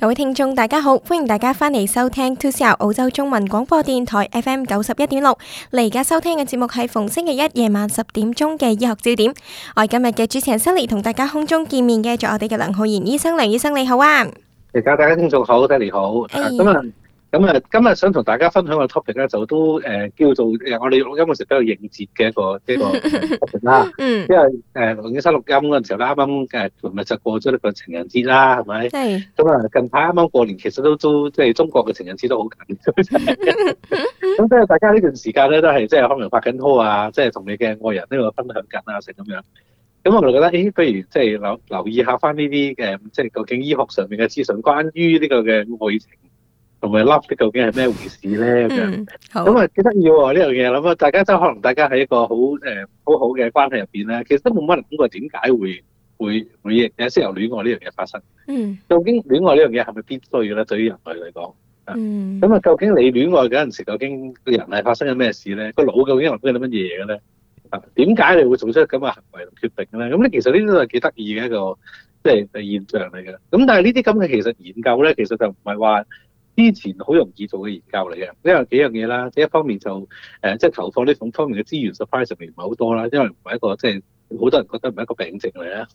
各位聽眾大家好，歡迎大家翻嚟收聽 2CR 澳澳洲中文廣播電台 F M 九十一點六。你而家收聽嘅節目係逢星期一夜晚十點鐘嘅醫學焦點。我今日嘅主持人 Sunny 同大家空中見面嘅仲有我哋嘅梁浩然醫生，梁醫生，醫生你好啊！大家大家聽眾好，大家好。咁啊，今日想同大家分享嘅 topic 咧，就都誒叫做，我哋錄音嗰時比較應節嘅一個呢個 topic 啦。 因為誒黃先生錄音嗰陣時候啱啱誒琴日就過咗呢個情人節啦，係咪、 嗯？咁啊、嗯，近排啱啱過年，其實都都即係、就是、中國嘅情人節都好近。咁即係大家呢段時間咧，都係即係可能拍緊拖啊，即係同你嘅愛人呢個分享緊啊，成咁樣。咁、嗯、我就覺得，咦、哎，不如即係、就是、留留意下翻呢啲誒，即、就、係、是、究竟醫學上面嘅資訊，關於呢個嘅愛情，同埋 love，究竟係咩回事咧咁樣咁啊？幾得意喎！呢樣嘢諗下，大家即係可能大家喺一個、呃、好誒好好嘅關係入邊咧，其實都冇乜諗過點解會會會有涉由有戀愛呢樣嘢發生。究竟戀愛是是呢樣嘢係咪必須嘅咧？對於人類嚟講，咁啊，究竟你戀愛嗰陣時，究竟個人係發生緊咩事咧？個腦究竟諗緊啲乜嘢嘅咧？啊，點解你,、啊、你會做出咁嘅行為決定咧？咁、啊、咧，其實呢啲都係幾得意嘅一個即係誒現象嚟嘅。咁但係呢啲咁嘅其實研究咧，其實就唔係話。之前好容易做嘅研究嚟嘅，因為幾樣嘢啦。即係一方面就誒，即係投放呢種方面嘅資源 supply 上面唔係好多啦，因為唔係一個即係好多人覺得唔係一個病症嚟啦。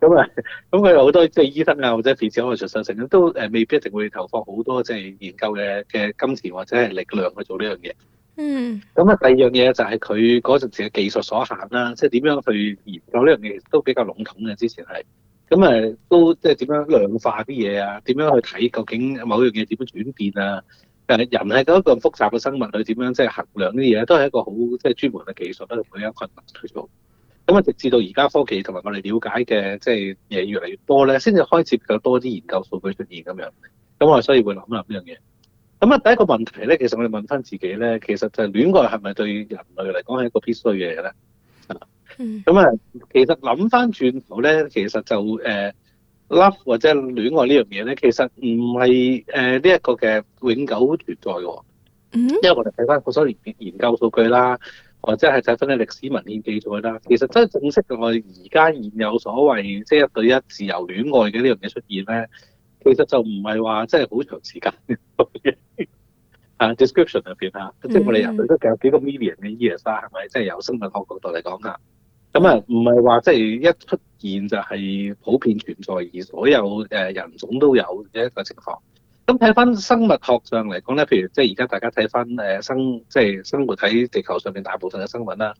咁啊，咁佢有好多即係醫生啊，或者設施可能術數成、啊、都誒，未必一定會投放好多即係研究嘅嘅金錢或者係力量去做呢樣嘢。嗯。咁啊，第二樣嘢就係佢嗰陣時嘅技術所限啦，即係點樣去研究呢樣嘢都比較籠統嘅。之前係。咁誒都即係點樣量化啲嘢啊？點樣去睇究竟某樣嘢點樣轉變啊？誒人係一個咁複雜嘅生物，佢點樣即係衡量啲嘢都係一個好即係專門嘅技術啦，同埋一啲困難去做。咁啊，直至到而家科技同埋我哋了解嘅即係嘢越嚟越多咧，先至開始有多啲研究數據出現咁樣。咁我哋所以會諗下呢樣嘢。咁啊，第一個問題咧，其實我哋問翻自己咧，其實就係戀愛係咪對人類嚟講係一個必須嘅嘢咧？咁啊，嗯、其實諗翻轉頭咧，其實就誒、呃、love 或者戀愛呢樣嘢咧，其實唔係誒呢一個嘅永久存在喎、哦。嗯、因為我哋睇翻好多研研究數據啦，或者係睇翻啲歷史文獻記載啦，其實真係正式我哋而家現有所謂即係、就是、一對一自由戀愛嘅呢樣嘢出現咧，其實就唔係話真係好長時間嘅。嚇 ，description 入邊嚇，嗯、即係我哋人類都有幾個 million 嘅 years 啦，係咪？即係由生物學角度嚟講啊。咁啊，唔係話即係一出現就係普遍存在而所有誒人種都有嘅一個情況。咁睇翻生物學上嚟講咧，譬如即係而家大家睇翻誒生即係、就是、生活喺地球上面大部分嘅生物啦，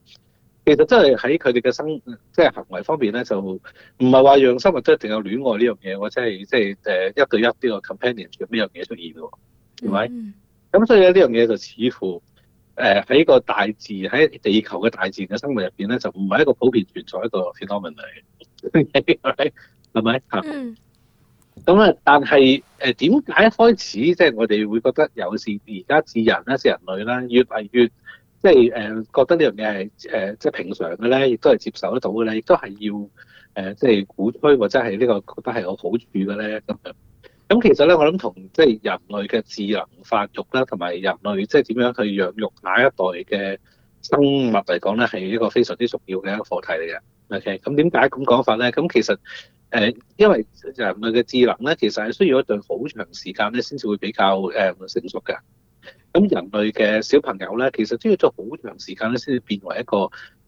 其實真係喺佢哋嘅生即係、就是、行為方面咧，就唔係話讓生物都一定有戀愛呢樣嘢，或者係即係誒一對一呢個,個,個 companionship 呢樣嘢出現喎，係咪、mm？咁、hmm. right? 所以呢樣嘢就似乎。誒喺個大自然喺地球嘅大自然嘅生物入邊咧，就唔係一個普遍存在一個 p h e n 係咪？係咁啊，但係誒點解一開始即係、就是、我哋會覺得有時而家自人，咧，是人類啦，越嚟越即係誒覺得呢樣嘢係誒即係平常嘅咧，亦都係接受得到嘅咧，亦都係要誒即係鼓吹或者係呢、這個覺得係有好處嘅咧咁。咁其實咧，我諗同即係人類嘅智能發育啦，同埋人類即係點樣去養育下一代嘅生物嚟講咧，係一個非常之重要嘅一個課題嚟嘅。OK，咁點解咁講法咧？咁其實誒、呃，因為人類嘅智能咧，其實係需要一段好長時間咧，先至會比較誒、嗯、成熟嘅。咁人類嘅小朋友咧，其實都要做好長時間咧，先至變為一個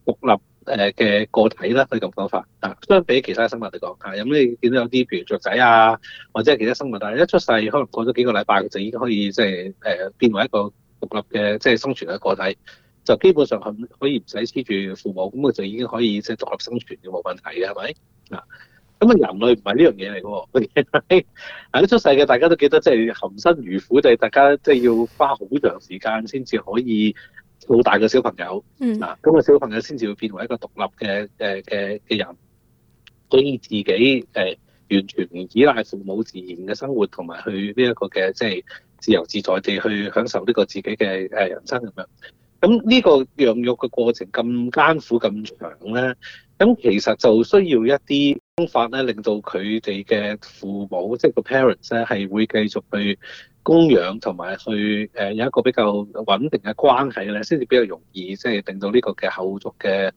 獨立。誒嘅個體啦，可以咁講法啊。相比其他生物嚟講，嚇有咩見到有啲，譬如雀仔啊，或者係其他生物但係，一出世可能過咗幾個禮拜，佢就已經可以即係誒變為一個獨立嘅即係生存嘅個體，就基本上係可以唔使黐住父母，咁佢就已經可以即係、就是、獨立生存冇問題嘅，係咪啊？咁啊，人類唔係呢樣嘢嚟嘅，啊？ 一出世嘅大家都記得，即、就、係、是、含辛茹苦，就係大家即係要花好長時間先至可以。老大嘅小朋友，嗱、嗯，咁嘅小朋友先至會變為一個獨立嘅，誒，嘅嘅人，可以自己誒、uh, 完全唔依賴父母，自然嘅生活同埋去呢一個嘅，即係自由自在地去享受呢個自己嘅誒人生咁樣。咁呢個養育嘅過程咁艱苦咁長咧，咁其實就需要一啲方法咧，令到佢哋嘅父母，即係個 parents 咧，係會繼續去。供養同埋去誒有一個比較穩定嘅關係咧，先至比較容易，即係定到呢個嘅後續嘅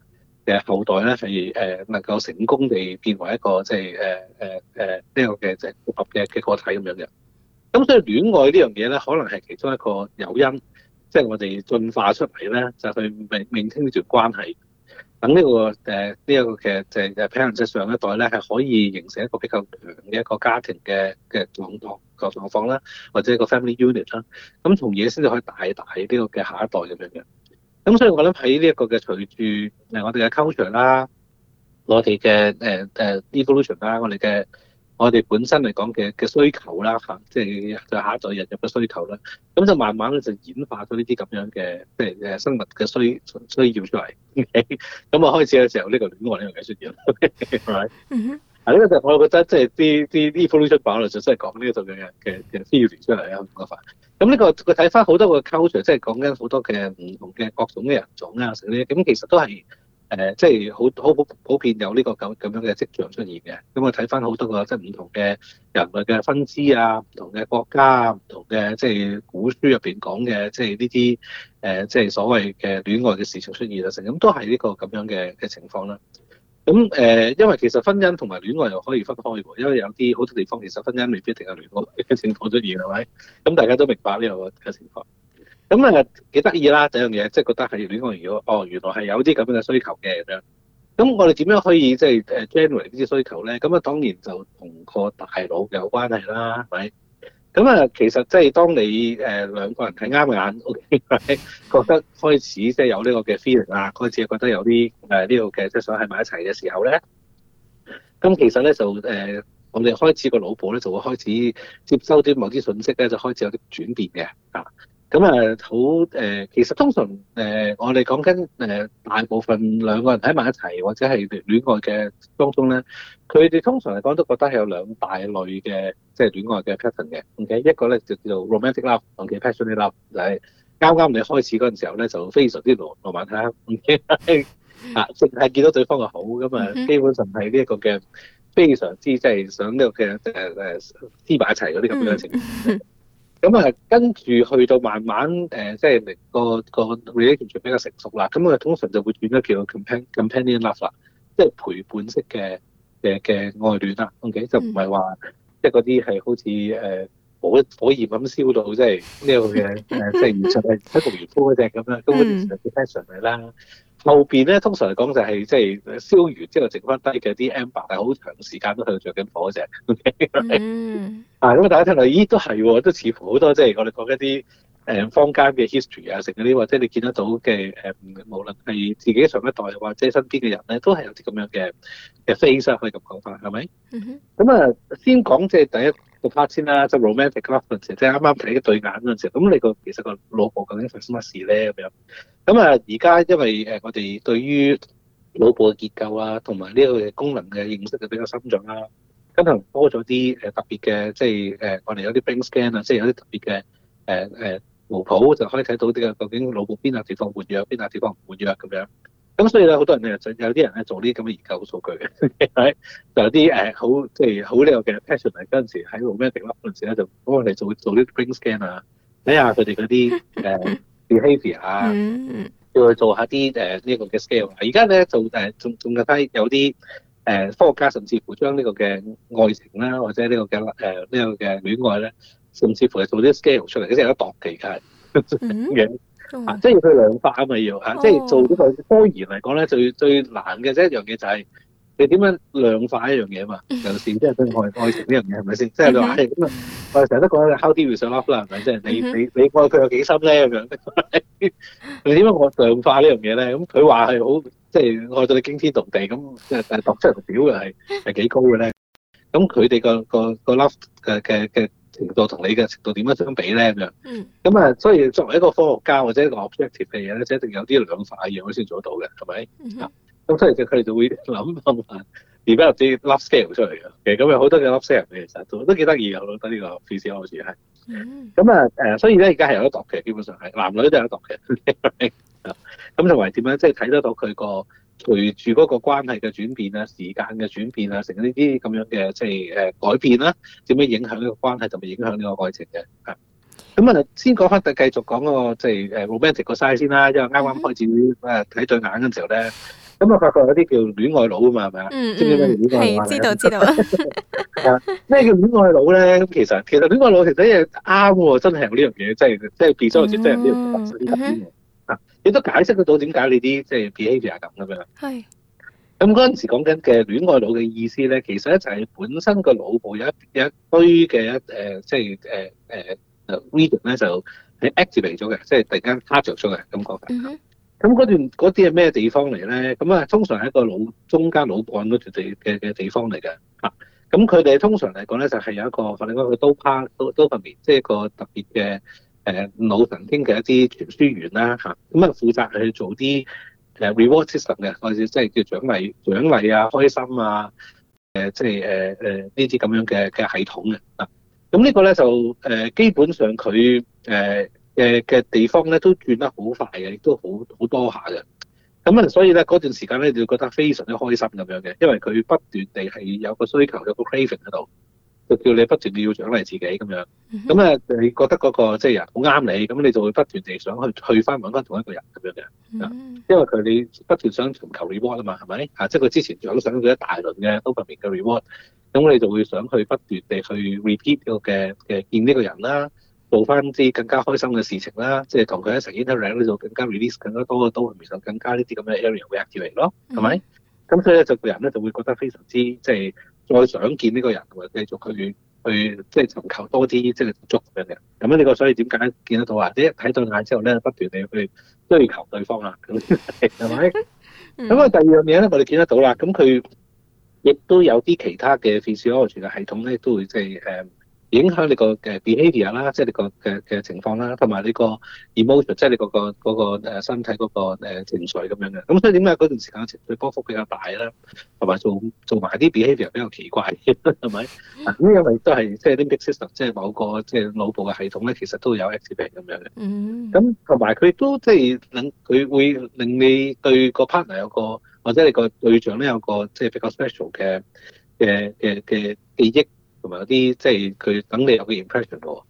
嘅後代咧係誒能夠成功地變為一個即係誒誒誒呢一個嘅即係複合嘅嘅個體咁樣嘅。咁所以戀愛呢樣嘢咧，可能係其中一個誘因，即係我哋進化出嚟咧，就去 maintain 住關係，等呢個誒呢一個嘅就就 parents 上一代咧，係可以形成一個比較強嘅一個家庭嘅嘅狀況。個狀況啦，或者一個 family unit 啦，咁從而先至可以大大呢個嘅下一代咁樣嘅。咁所以我覺得喺呢一個嘅隨住誒我哋嘅 culture 啦，我哋嘅誒誒 evolution 啦，我哋嘅我哋本身嚟講嘅嘅需求啦，即係就下一代人入嘅需求啦，咁就慢慢就演化咗呢啲咁樣嘅即係誒生物嘅需、okay? 需要出嚟。咁啊開始嘅時候呢個戀愛咁樣嘅需要嘅，係咪？係，呢個就我覺得即係啲啲啲 research 反而就真係講呢度嘅嘅嘅 theory 出嚟啊，我覺得。咁呢個佢睇翻好多個 culture，即係講緊好多嘅唔同嘅各種嘅人種啊，成啲咁其實都係誒，即係好好普遍有呢個咁咁樣嘅跡象出現嘅。咁我睇翻好多個即係唔同嘅人類嘅分支啊，唔同嘅國家，唔同嘅即係古書入邊講嘅即係呢啲誒，即係所謂嘅戀愛嘅事情出現啊，成咁都係呢個咁樣嘅嘅情況啦。咁誒、呃，因為其實婚姻同埋戀愛又可以分開喎，因為有啲好多地方其實婚姻未必一定係戀愛嘅，情況出現係咪？咁大家都明白呢個嘅情況。咁啊，幾得意啦！呢樣嘢即係覺得係戀愛，如果哦原來係有啲咁樣嘅需求嘅咁。咁我哋點樣可以即係誒 generate 呢啲需求咧？咁啊，當然就同個大腦有關係啦，係咪？咁啊，其實即係當你誒兩個人睇啱眼，OK， 覺得開始即係有呢個嘅 feeling 啊，開始覺得有啲誒呢個嘅即係想喺埋一齊嘅時候咧，咁其實咧就誒，我哋開始個腦部咧就會開始接收啲某啲訊息咧，就開始有啲轉變嘅啊。咁啊，好誒、嗯，其實通常誒，我哋講緊誒，大部分兩個人喺埋一齊或者係戀戀愛嘅當中咧，佢哋通常嚟講都覺得係有兩大類嘅，即、就、係、是、戀愛嘅 pattern 嘅，OK，一個咧就叫做 romantic love，同埋 passionate love，就係啱啱你開始嗰陣時候咧，就非常之羅浪漫嚇，OK，嚇，淨係、嗯、 見到對方嘅好咁啊，基本上係呢一個嘅非常之即係、就是、想呢個嘅誒誒黐埋一齊嗰啲咁樣嘅情。 咁啊，跟住去到慢慢誒、呃，即係個個 relationship 比較成熟啦。咁啊，通常就會轉咗叫 compan companion love 啦，即係陪伴式嘅嘅嘅愛戀啦。OK，就唔係話即係嗰啲係好似誒火火焰咁燒到，即係呢個嘅誒，即係完全係一個燃燒嗰隻咁啦。咁佢哋其實幾開心嘅啦。後邊咧，通常嚟講就係即係燒完之後，剩翻低嘅啲 amber 係好長時間都係着緊火嘅。嗯、okay? mm。Hmm. 啊，咁啊，大家睇落，咦，都係喎、哦，都似乎好多即係、就是、我哋講一啲誒坊間嘅 history 啊，成嗰啲或者你見得到嘅誒，無論係自己上一代或者身邊嘅人咧，都係有啲咁樣嘅嘅 phenomenon 可以咁講法，係咪？咁啊、mm，hmm. 先講即係第一，個 part 先啦，即係 romantic 嗰陣時，即係啱啱睇一對眼嗰陣時候，咁你個其實個腦部究竟發生乜事咧咁樣？咁啊，而家因為誒我哋對於腦部嘅結構啊，同埋呢個嘅功能嘅認識就比較深重啦、啊，跟住多咗啲誒特別嘅，即係誒我哋有啲 brain scan 啊，即係有啲特別嘅誒誒圖譜就可以睇到啲、這、嘅、個、究竟腦部邊啊地方活躍，邊啊地方唔活躍咁樣。咁所以咧，好多人就有啲人咧做啲咁嘅研究數據，就有啲誒好即係好呢個嘅 passion 啊！嗰陣時喺做 medical 嗰陣時咧，就幫我哋做做啲 brain scan 啊，睇下佢哋嗰啲誒 behavior 啊，叫佢做下啲誒呢個嘅 scale。而家咧就誒仲仲更加有啲誒科學家甚至乎將呢個嘅愛情啦，或者呢個嘅誒呢個嘅戀愛咧，甚至乎係做啲 scale 出嚟，即係一個度期嘅啊、即係要佢量化啊嘛要嚇，即係做、這個、呢個科研嚟講咧，最最難嘅啫一樣嘢就係你點樣量化一樣嘢啊嘛，尤其是即係愛愛情呢、就是、 樣嘢係咪先？即係話咁啊，我哋成日都講嘅 how deep is your love 啦，係咪先？你你你愛佢有幾深咧咁樣？你點樣我量化呢樣嘢咧？咁佢話係好即係愛到你驚天動地咁，即係讀出嚟表嘅係係幾高嘅咧？咁佢哋個、那個、那個 love 嘅嘅嘅。那個那個那個那個程度同你嘅程度點樣相比咧咁樣？咁啊、嗯，所以作為一個科學家或者一個 objective 嘅嘢咧，一定有啲量化樣先做得到嘅，係咪？咁、嗯、哼所以佢哋就會諗諗下，而家有啲 lab scale 出嚟嘅，其實咁有好多嘅 lab scale 嘅其實都都幾得意啊！我覺得呢個 physic、嗯、s 好似係。咁啊，誒，所以咧，而家係有得讀嘅，基本上係男女都有得讀嘅，咁同埋點樣，即係睇得到佢個。隨住嗰個關係嘅轉變啊，時間嘅轉變啊，成呢啲咁樣嘅即係誒改變啦，點樣影響呢個關係，同埋影響呢個愛情嘅。咁啊，先講翻，繼續講嗰個即係誒 romantic 個 side 先啦，因為啱啱開始誒睇對眼嘅時候咧，咁啊，發覺有啲叫戀愛腦啊嘛，係咪啊？知唔知咩 叫戀愛腦啊？係，知道知道。咩叫戀愛腦咧？咁其實其實戀愛腦其實真啱喎，真係呢樣嘢，即係即係好似真係呢樣嘢你都解釋得到點解呢啲即係 behavior 咁咁樣？係是。咁嗰陣時講緊嘅戀愛腦嘅意思咧，其實一就係本身個腦部有一一堆嘅一誒，即係誒誒誒 reading 咧，就係、是、activating 咗嘅，即係突然間 active 咗嘅感覺。Mm hmm. 嗯哼。咁嗰段嗰啲係咩地方嚟咧？咁啊，通常係一個腦中間腦幹嗰段地嘅嘅地方嚟嘅。嚇、啊。咁佢哋通常嚟講咧，就係有一個，我哋講佢多巴多多巴胺，即係個,個特別嘅。誒腦神經嘅一啲傳輸員啦嚇，咁、嗯、啊負責去做啲誒 reward system 嘅，或者即係叫獎勵獎勵啊、開心啊，誒即係誒誒呢啲咁樣嘅嘅系統嘅，嗱、嗯，咁、這個、呢個咧就誒、呃、基本上佢誒嘅嘅地方咧都轉得好快嘅，亦都好好多下嘅，咁、嗯、啊所以咧嗰段時間咧就覺得非常之開心咁樣嘅，因為佢不斷地係有個需求有個 craving 喺度。就叫你不斷地要獎勵自己咁樣，咁啊、mm，hmm. 你覺得嗰個即係人好啱你，咁你就會不斷地想去去翻揾翻同一個人咁樣樣，mm hmm. 因為佢哋不斷想尋求 reward 啊嘛，係咪？啊，即係佢之前獎賞咗一大輪嘅都唔明嘅 reward，咁你就會想去不斷地去 repeat 個嘅嘅見呢個人啦，做翻啲更加開心嘅事情啦，即係同佢一齊 interact，呢就更加 release 更，更加多嘅 dopamine 更加呢啲咁嘅 area 會 active 嚟咯，係咪？咁、mm hmm. 所以咧，就個人咧就會覺得非常之即係。就是再想見呢個人，或者繼續去去即係尋求多啲即係足咁樣嘅，咁咧呢個所以點解見得到啊？你一睇對眼之後咧，不斷地去追求對方啦，係 咪吧？咁啊，第二樣嘢咧，我哋見得到啦，咁佢亦都有啲其他嘅 face recognition 嘅系統咧，都會即係誒。影響你個嘅 behavior 啦，即係你個嘅嘅情況啦，同埋你，emotion，你、嗰個 emotion，即係你個個嗰身體嗰個情緒咁樣嘅。咁所以點解嗰段時間情緒波幅比較大啦？同埋做做埋啲 behavior 比較奇怪嘅，係咪？呢 因咪都係即係啲 system，即係某個即係腦部嘅系統咧，其實都有會有 activating 咁樣嘅。嗯。咁同埋佢都即係令佢會令你對個 partner 有個或者你個對象咧有個即係比較 special 嘅嘅嘅嘅記憶。同埋嗰啲即係佢等你有個 impression 喎，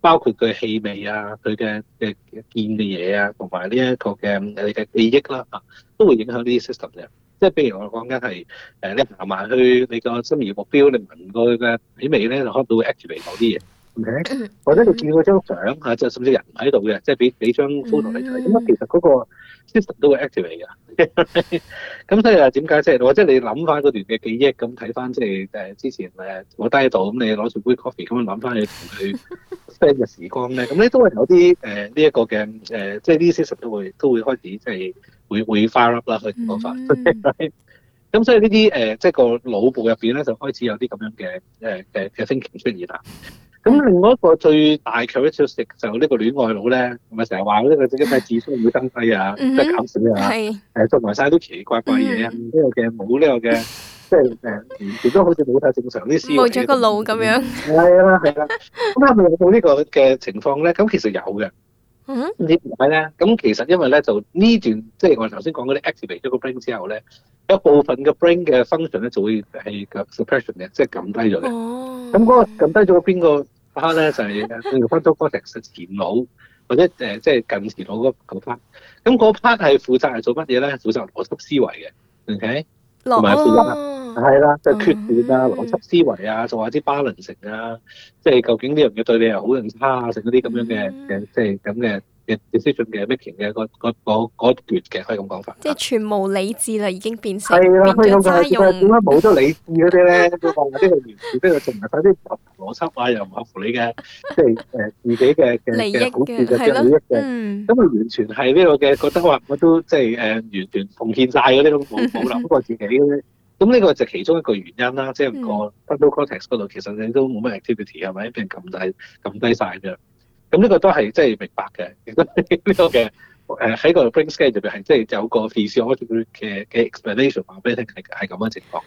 包括佢氣味啊，佢嘅嘅見嘅嘢啊，同埋呢一個嘅你嘅記憶啦、啊、嚇，都會影響呢啲 system 嘅。即係譬如我講緊係誒，你行埋去你個心儀目標，你聞個佢嘅氣味咧，就可能都會 actuate 啲嘢。Okay? 或者你見到張相嚇，即係甚至人喺度嘅，即係俾俾張 photo 你睇。咁其實嗰、嗰個，都會 activate 嘅，咁 所以話點解即係，就是、或者你諗翻嗰段嘅記憶，咁睇翻即係誒之前誒我低度，咁你攞住杯 coffee 咁樣諗翻你同佢 friend 嘅時光咧，咁咧都會有啲誒呢一、呢個嘅誒，即係呢啲其實都會都會開始即係會會 fire up 啦，去講法。咁 所以呢啲誒，即係個腦部入邊咧，就開始有啲咁樣嘅誒嘅嘅 thinking 出現啦。咁、嗯、另外一個最大嘅一出陷就呢個戀愛腦咧，咪成日話呢個自己咩智商會降低啊，即係、嗯、哼搞笑啊，係誒做埋晒都奇怪怪嘢，呢、嗯，這個嘅冇呢個嘅， 即係誒，亦都好似冇曬正常啲思維。冇咗個腦咁樣。係啦，係啦。咁係咪冇呢個嘅情況咧？咁其實有嘅。嗯？點解咧？咁其實因為咧，就呢段即係我頭先講嗰啲 activate 咗個 brain 之後咧，有部分嘅 brain 嘅 function 咧就會係個 suppression 嘅，即係減低咗嘅。哦。咁嗰個撳低咗邊個 part 咧，就係分翻咗嗰隻前腦，或者誒即係近前腦嗰個 part。咁嗰 part 係負責係做乜嘢咧？負責邏輯思維嘅，明唔明？同埋啊，係啦、嗯，就決斷啊，邏輯思維啊，仲有啲平衡性啊，即係、嗯、究竟啲人嘅對你係好定差，啊，成嗰啲咁樣嘅嘅，即係咁嘅。decision 嘅 making 嘅個個個個段嘅可以咁講法，即係全無理智啦，已經變成、啊、變咗齋用，點解冇咗理智嗰啲咧？佢係話呢個完全即係全部嗰啲不合 邏輯，又唔合乎你嘅即係誒自己嘅嘅嘅利益嘅，咁佢完全係呢個嘅覺得話我都即係誒完全奉獻晒，嗰啲都冇冇諗過自己咁呢， 個就其中一個原因啦。即、就、係、是、個 frontal cortex 嗰度，其實你都冇乜 activity 係咪？俾人撳低撳低晒。咁咁呢個都係即係明白嘅，亦都係呢個嘅。誒喺個 brain scan 入邊係即係有個 physiological 嘅嘅 explanation 話俾你聽係係咁嘅情況。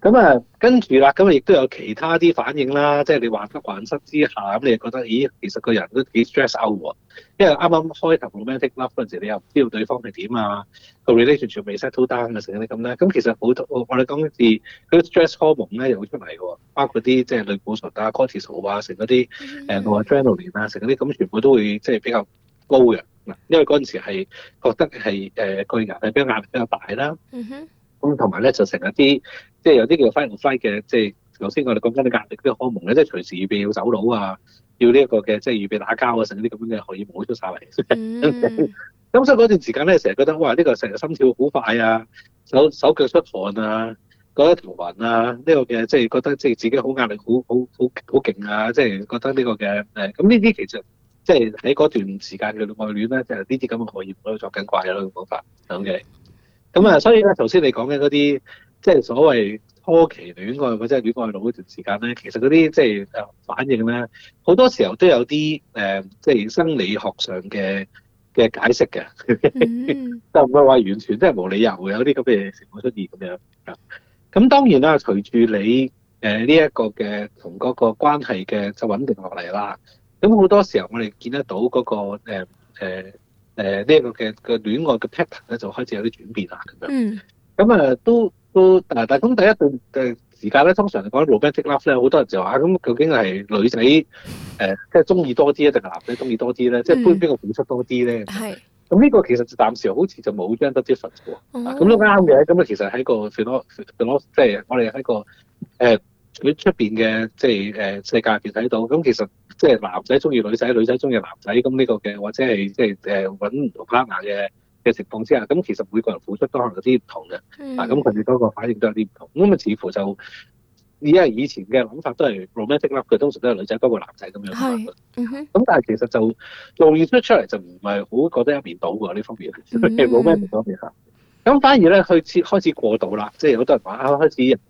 咁啊、mm.，跟住啦，咁啊亦都有其他啲反應啦，即係你患得患失之下，咁你又覺得，咦，其實個人都幾 stress out 喎。因為啱啱開頭 romantic love 嗰陣時，你又唔知道對方係點啊，個 relationship 未 settle down 啊，成嗰啲咁咧。咁其實好多我哋講一次，佢 stress hormone 咧又好出嚟嘅喎，包括啲即係類固醇啊、cortisol 啊，成嗰啲誒個 adrenaline 啊，成嗰啲咁，全部都會即係比較。高嘅嗱，因為嗰陣時係覺得係誒個人係比較壓力比較大啦，咁同埋咧就成日啲即係有啲叫 fire fight 嘅，即係頭先我哋講緊嘅壓力啲荷蒙咧，即係隨時預備要走佬啊，要呢一個嘅即係預備打交啊，成嗰啲咁樣嘅可以冒出晒嚟，咁、mm hmm. 所以嗰段時間咧，成日覺得哇呢個成日心跳好快啊，手手腳出汗啊，覺得頭暈啊，呢個嘅即係覺得即係自己好壓力好好好好勁啊，即係覺得呢個嘅誒，咁呢啲其實。即係喺嗰段時間嘅愛戀咧，就呢啲咁嘅行業喺度作緊怪啦，咁講法。O.K. 咁啊，所以咧，頭先你講嘅嗰啲，即係所謂初期戀愛或者係戀愛路嗰段時間咧，其實嗰啲即係誒反應咧，好多時候都有啲誒、呃，即係生理學上嘅嘅解釋嘅，就唔係話完全即係冇理由有啲咁嘅事會出現咁樣。咁當然啦，隨住你誒呢一個嘅同嗰個關係嘅就穩定落嚟啦。咁好多時候我、嗯，我哋見得到嗰個誒誒呢一個嘅嘅戀愛嘅 pattern 咧，就開始有啲轉變啦、嗯。咁樣咁啊，都都嗱，但係咁第一段嘅時間咧，通常嚟講，romantic love 咧，好多人就話咁究竟係女仔誒、欸嗯、即係中意多啲啊，定係男仔中意多啲咧？即係邊邊個付出多啲咧？係咁呢個其實暫時好似就冇張得啲實數啊。咁都啱嘅。咁、呃、啊、呃，其實喺個 s 即係我哋喺個誒喺出邊嘅即係誒世界入邊睇到咁，其實。即係男仔中意女仔，女仔中意男仔，咁呢個嘅或者係即係誒揾落克拉嘅嘅情況之下，咁其實每個人付出都可能有啲唔同嘅，嗱咁佢哋嗰個反應都有啲唔同，咁啊似乎就以家以前嘅諗法都係 romantic love 嘅，通常都係女仔多過男仔咁樣嘅，咁、嗯、但係其實就露面出出嚟就唔係好覺得一面倒喎呢方面，冇咩唔方便嚇，咁反而咧佢始開始過度啦，即係好多人話開始。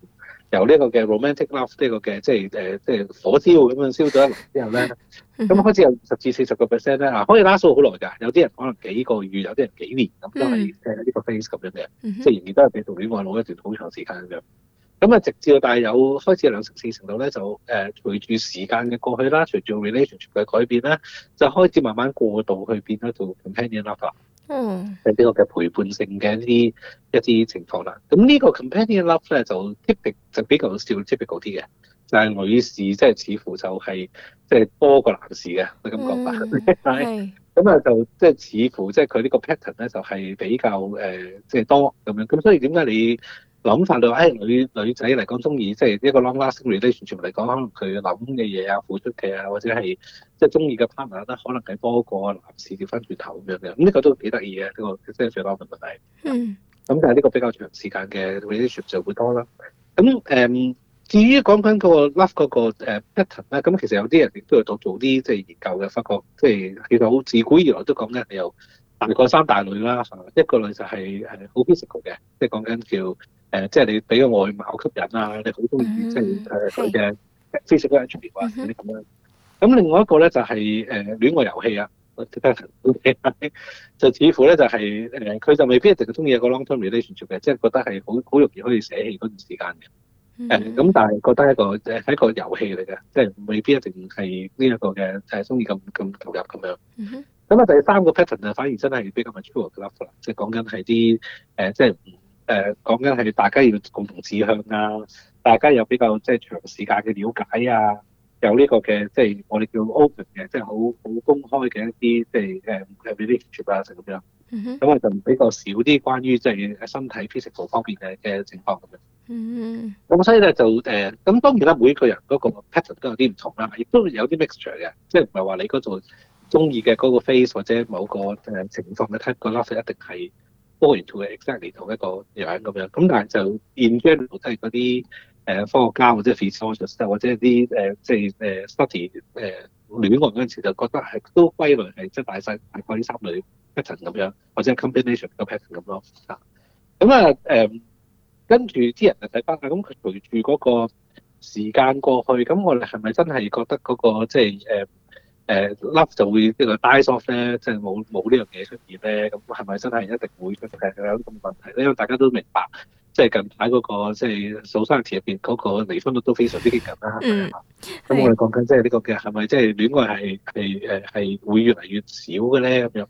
由呢一個嘅 romantic love 呢個嘅即係誒即係火燒咁樣燒咗一輪之後咧，咁、 嗯、哼 開始有十至四十個 percent 咧，啊可以拉數好耐㗎，有啲人可能幾個月，有啲人幾年咁都係喺呢個 phase 咁樣嘅，嗯、哼 即係仍然都係被同戀愛攞一段好長時間咁樣。咁啊，直至到大有開始兩成四程度咧，就誒隨住時間嘅過去啦，隨住 relationship 嘅改變啦，就開始慢慢過渡去變咗做 companion love 啦。嗯。係呢個嘅陪伴性嘅一啲一啲情況啦。咁呢個 companion love 咧就 typical 就比較少 typical 啲嘅，但係、嗯、女士即係似乎就係即係多過男士嘅，我咁講法。係。咁啊，就即係似乎即係佢呢個 pattern 咧，就係比較誒即係多咁樣。咁所以點解你？諗法就話，誒女女仔嚟講，中意即係一個 long lasting relation。全部嚟講，可能佢諗嘅嘢啊、付出嘅啊，或者係即係中意嘅 partner 咧，可能係多過男士。掉翻轉頭咁樣嘅，咁呢個都幾得意嘅呢個，即係 relationship 問題。嗯，咁但係呢個比較長時間嘅 relationship 就會多啦。咁誒、嗯，至於講緊嗰個 love 嗰個 pattern 咧，咁其實有啲人亦都有做做啲即係研究嘅，發覺即係其實好自古以來都講緊，有大概三大類啦。一個類就係誒好 physical 嘅，即係講緊叫。誒，即係你俾個外貌吸引啊！你好中意即係佢嘅 facial attribute 啊，咁樣。咁另外一個咧就係、是、誒戀愛遊戲啊， 就似乎咧就係誒佢就未必一定中意一個 long-term relationship，嘅，即、就、係、是、覺得係好好容易可以捨棄嗰段時間嘅。誒咁、mm hmm. 嗯，但係覺得一個誒係、就是、一個遊戲嚟嘅，即、就、係、是、未必一定係呢一個嘅誒中意咁咁投入咁樣。咁啊、mm，hmm. 第三個 pattern 啊，反而真係比較 maturity level 啦，即、就、係、是、講緊係啲誒即係。呃就是誒、呃、講緊係大家要共同志向啊，大家有比較即係長時間嘅了解啊，有呢個嘅即係我哋叫 open 嘅，即係好好公開嘅一啲即係誒 communication 啊，成咁樣，咁、hmm. 啊就比較少啲關於即係身體 physical 方面嘅嘅情況咁樣。咁、mm hmm. 所以咧就誒，咁、呃、當然啦，每個人嗰個 pattern 都有啲唔同啦，亦都有啲 mixture 嘅，即係唔係話你嗰度中意嘅嗰個 face 或者某個誒情況嘅 type 嗰粒，就一定係。波沿住係 exactly 同一個樣咁樣，咁但係就 in general 都係嗰啲誒科學家或者 researchers 或者啲誒即係誒 study 誒連篇過嚟嗰陣時，就覺得係都歸類係即係大細大概呢三類 pattern 咁樣，或者 combination 個 pattern 咁咯。啊，咁啊誒，跟住啲人就睇翻下咁佢隨住嗰個時間過去，咁我哋係咪真係覺得嗰個即係誒？就是 uh, 誒 love 就會即係 die off 咧，即係冇冇呢樣嘢出現咧，咁係咪真係一定會出現有啲咁嘅問題咧？因為大家都明白，即係近排嗰、嗰個即係數十年入邊嗰個離婚率都非常之激近啦。咁、mm，我哋講緊即係呢、呢個嘅，係咪即係戀愛係係誒係會越嚟越少嘅咧？咁樣？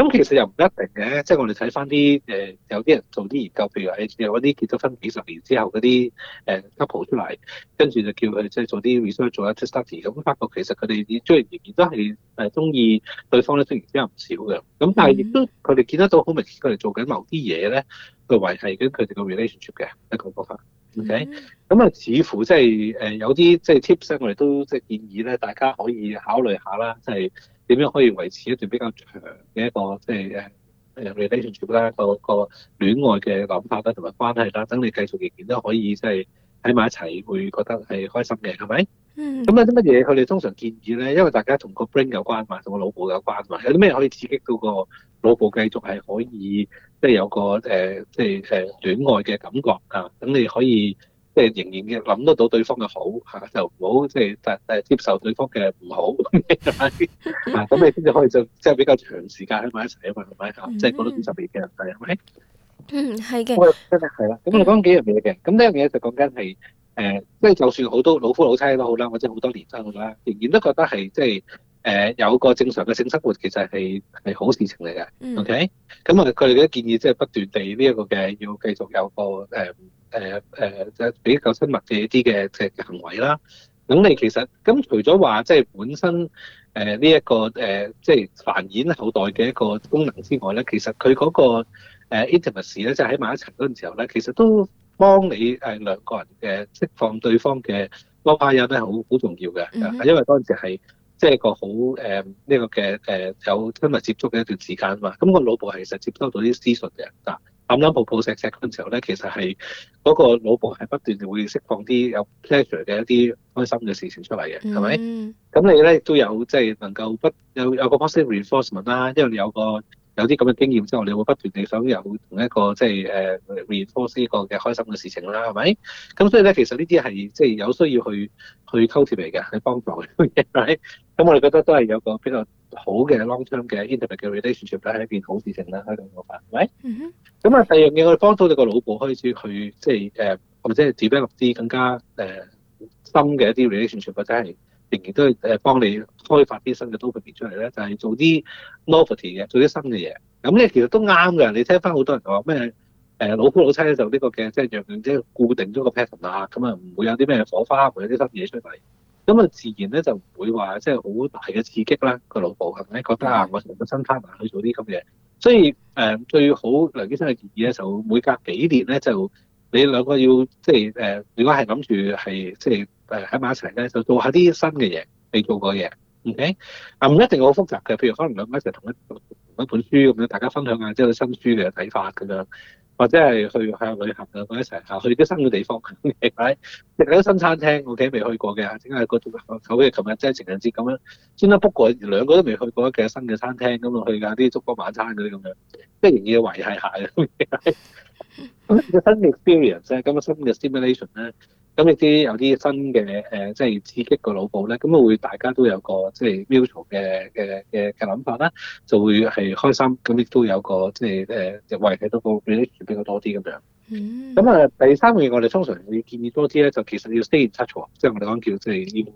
咁其實又唔一定嘅，即、就、係、是、我哋睇翻啲誒有啲人做啲研究，譬如話誒啲結咗婚幾十年之後嗰啲誒 couple 出嚟，跟住就叫佢哋即係做啲 research 做一 t、嗯嗯、study 咁發覺其實佢哋亦仍然都係誒中意對方咧，雖然比較唔少嘅，咁但係亦都佢哋見得到好明顯，佢哋做緊某啲嘢咧，係維係緊佢哋個 relationship 嘅一個方法。OK，咁啊、嗯，嗯、似乎即係誒有啲即係 tips，我哋都即係建議咧，大家可以考慮下啦，即係。點樣可以維持一段比較長嘅一個即係誒 relationship 啦，個個戀愛嘅諗法啦，同埋關係啦，等你繼續仍然都可以即係喺埋一齊，會覺得係開心嘅，係咪？嗯。咁有啲乜嘢佢哋通常建議咧？因為大家同個 brain 有關嘛，同個腦部有關嘛，有啲咩可以刺激到個腦部繼續係可以即係有個誒即係誒戀愛嘅感覺啊？等你可以。即係仍然嘅諗得到對方嘅好嚇、啊，就唔好即係誒誒接受對方嘅唔好，咁 是吧 你先至可以就即係比較長時間喺埋一齊啊嘛，係咪啊？即係過到幾十年嘅人際 o 嗯，係 嘅。對話我真係係啦。咁我哋講幾樣嘢嘅。咁呢一樣嘢就講緊係誒，即係就算好多老夫老妻都好啦，或者好多年真好啦，仍然都覺得係即係。誒、呃、有個正常嘅性生活其實係係好事情嚟嘅、mm hmm.，OK？咁啊，佢哋嘅建議即係不斷地呢一個嘅要繼續有個誒誒誒比較親密嘅一啲嘅嘅行為啦。咁你其實咁除咗話即係本身誒呢一個誒即係繁衍後代嘅一個功能之外咧，其實佢嗰個 intimacy 咧，即係喺埋一齊嗰陣時候咧，其實都幫你誒兩個人嘅釋放對方嘅荷爾蒙咧，好好重要嘅，mm hmm. 因為當時係。即係個好誒呢個嘅誒有今日接觸嘅一段時間啊嘛，咁個腦部係其實接收到啲資訊嘅嗱，噉啱抱抱石石嘅時候咧，其實係嗰個腦部係不斷地會釋放啲有 pleasure 嘅一啲開心嘅事情出嚟嘅，係咪？咁、嗯、你咧亦都有即係能夠不有有個 positive reinforcement 啦，因為你有個有啲咁嘅經驗之後，你會不斷地想由同一個即係誒 reinforce 呢個嘅開心嘅事情啦，係咪？咁所以咧，其實呢啲係即係有需要去去溝貼嚟嘅，去幫助嘅。咁、嗯、我哋覺得都係有個比較好嘅 long term 嘅 intimate 嘅 relationship 咧，係一件好事情啦。開拓個範圍。咁啊，mm hmm. 第二樣嘢，我哋幫到你個老婆開始去即係誒，或者係 develop 啲更加誒深嘅一啲 relationship，或者係、就是、仍然都係誒幫你開發啲新嘅 topic 出嚟咧，就係、是、做啲 novelty 嘅，做啲新嘅嘢。咁咧，其實都啱㗎。你聽翻好多人話咩誒，老婆老妻咧就呢、這個嘅，即係樣樣即係固定咗個 pattern 啊，咁啊唔會有啲咩火花，唔會有啲新嘢出嚟。咁啊，自然咧就唔會話即係好大嘅刺激啦，個老婆係咪覺得啊，我成個身攤埋去做啲咁嘢？所以誒、呃，最好梁醫生嘅建議咧，就每隔幾年咧，就你兩個要即係誒、呃，如果係諗住係即係誒喺埋一齊咧，就做一下啲新嘅嘢，未做過嘢，OK？啊，唔一定好複雜嘅，譬如可能兩個一齊同一同一本書咁樣，大家分享下即係新書嘅睇法咁樣。或者係去去下旅行啊，咁一齊啊，去啲新嘅地方食下，食 啲新餐廳，我哋都未去過嘅。點解個頭嘅？琴日即係情人節咁樣，專登 book 過兩個都未去過嘅新嘅餐廳咁去㗎啲燭光晚餐嗰啲咁樣，即係營業維繫下嘅。咁 嘅新嘅 experience 咧，咁啊新嘅 stimulation 咧。咁啲有啲新嘅誒，即係刺激個腦部咧，咁啊會大家都有個即係 mutual 嘅嘅嘅嘅諗法啦，就會係開心，咁亦都有個即係誒，為睇到個 message 比較多啲咁樣。咁、mm. 啊，第三個嘢我哋通常要建議多啲咧，就其實要 stay in touch，即係我哋講叫即係要。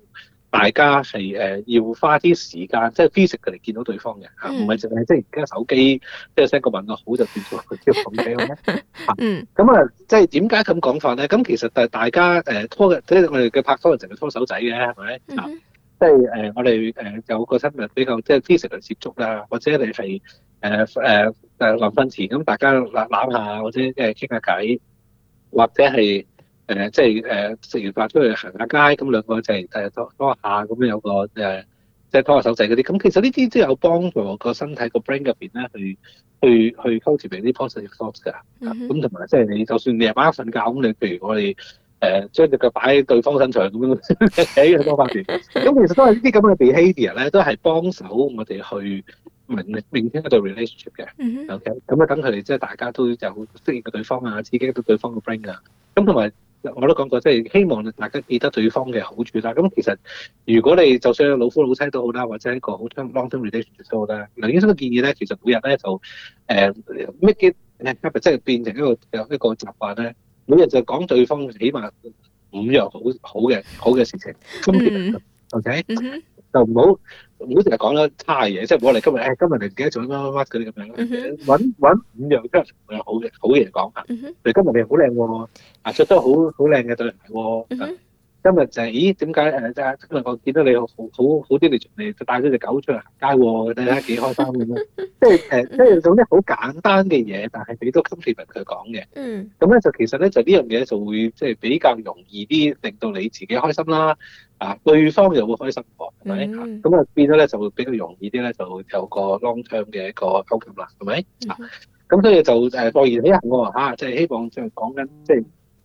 大家係誒要花啲時間，即係 physically 嘅嚟見到對方嘅嚇，唔係淨係即係而家手機即係 send 個問個好就變咗個交往嘅啦嚇。咁啊，即係點解咁講法咧？咁其實誒大家誒拖即係我哋嘅拍拖人成日拖手仔嘅，係、呃、咪？即係誒我哋誒、呃、有個身份比較，即係 physically 嚟接觸啦，或者你係誒誒誒臨瞓前咁，大家攬攬下，或者誒傾下偈，或者係。 誒、呃、即係誒食完飯出去行下街，咁兩個就係誒拖拖下咁樣有個誒、呃、即係拖下手仔嗰啲，咁其實呢啲都有幫助個身體、個 brain 入邊咧，去去去 function 啲 positive thoughts 㗎。咁同埋即係你就算你阿媽瞓覺，咁你譬如我哋誒、呃、將隻腳擺喺對方身上咁樣嘅樣方法入咁其實都係呢啲咁嘅 behaviour 咧，都係幫手我哋去明認識個 relationship 嘅。Rel mm hmm. OK，咁啊等佢哋即係大家都就適應個對方啊，刺激到對方個 brain 啊，咁同埋。我都講過，即係希望大家記得對方嘅好處啦。咁其實如果你就算老夫老妻都好啦，或者一個好長 long-term relationship 都好啦，梁醫生嘅建議咧，其實每日咧就誒咩 habit 即係變成一個一個習慣咧，每日就講對方起碼五樣好好嘅好嘅事情。嗯嗯。O K. 就唔好唔好成日講啦，差嘢、啊，即係我哋今日誒，今日你唔記得做乜乜乜嗰啲咁樣，揾揾五樣都係有好嘅好嘢講嚇。你今日你好靚喎，啊着得好、啊啊啊、好靚嘅、啊、對鞋今日就係，咦？點解誒即係今日我見到你好好好啲你嚟，就帶咗隻狗出嚟行街喎？你睇下幾開心咁咯！ 即係誒，即係總之好簡單嘅嘢，但係幾多 contribute 佢講嘅。嗯。咁咧就其實咧就呢樣嘢就會即係比較容易啲，令到你自己開心啦。啊，對方又會開心喎，係咪？咁啊變咗咧就會比較容易啲咧，會嗯、就會就有個 long term 嘅一個溝通啦，係咪？咁、嗯、所以就誒樂兒起人喎嚇，即係希望即係講緊即係。就是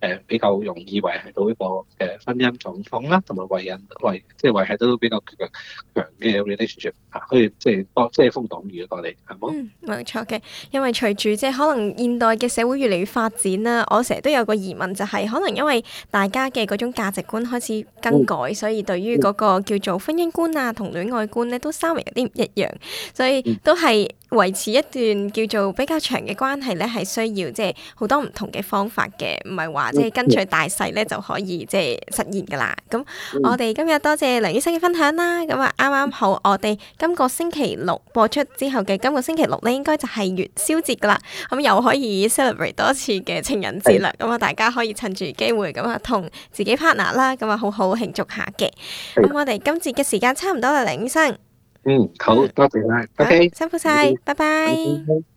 誒比較容易維係到一個誒婚姻狀況啦，同埋維人維即係維係得都比較強強嘅 relationship 啊，可以即係幫遮風擋雨啊，幫你係冇。嗯，冇錯嘅，因為隨住即係可能現代嘅社會越嚟越發展啦，我成日都有個疑問就係，可能因為大家嘅嗰種價值觀開始更改，所以對於嗰個叫做婚姻觀啊同戀愛觀咧，都稍微有啲唔一樣，所以都係維持一段叫做比較長嘅關係咧，係需要即係好多唔同嘅方法嘅，唔係話。即係跟隨大勢咧就可以即係實現噶啦。咁我哋今日多謝梁醫生嘅分享啦。咁啊，啱啱好我哋今個星期六播出之後嘅今個星期六咧，應該就係元宵節噶啦。咁又可以 celebrate 多次嘅情人節啦。咁啊的，大家可以趁住機會咁啊，同自己 partner 啦，咁啊，好好慶祝下嘅。咁的我哋今次嘅時間差唔多啦，梁醫生。嗯，好多謝啦。Okay. 啊、的拜拜。辛苦晒，拜拜。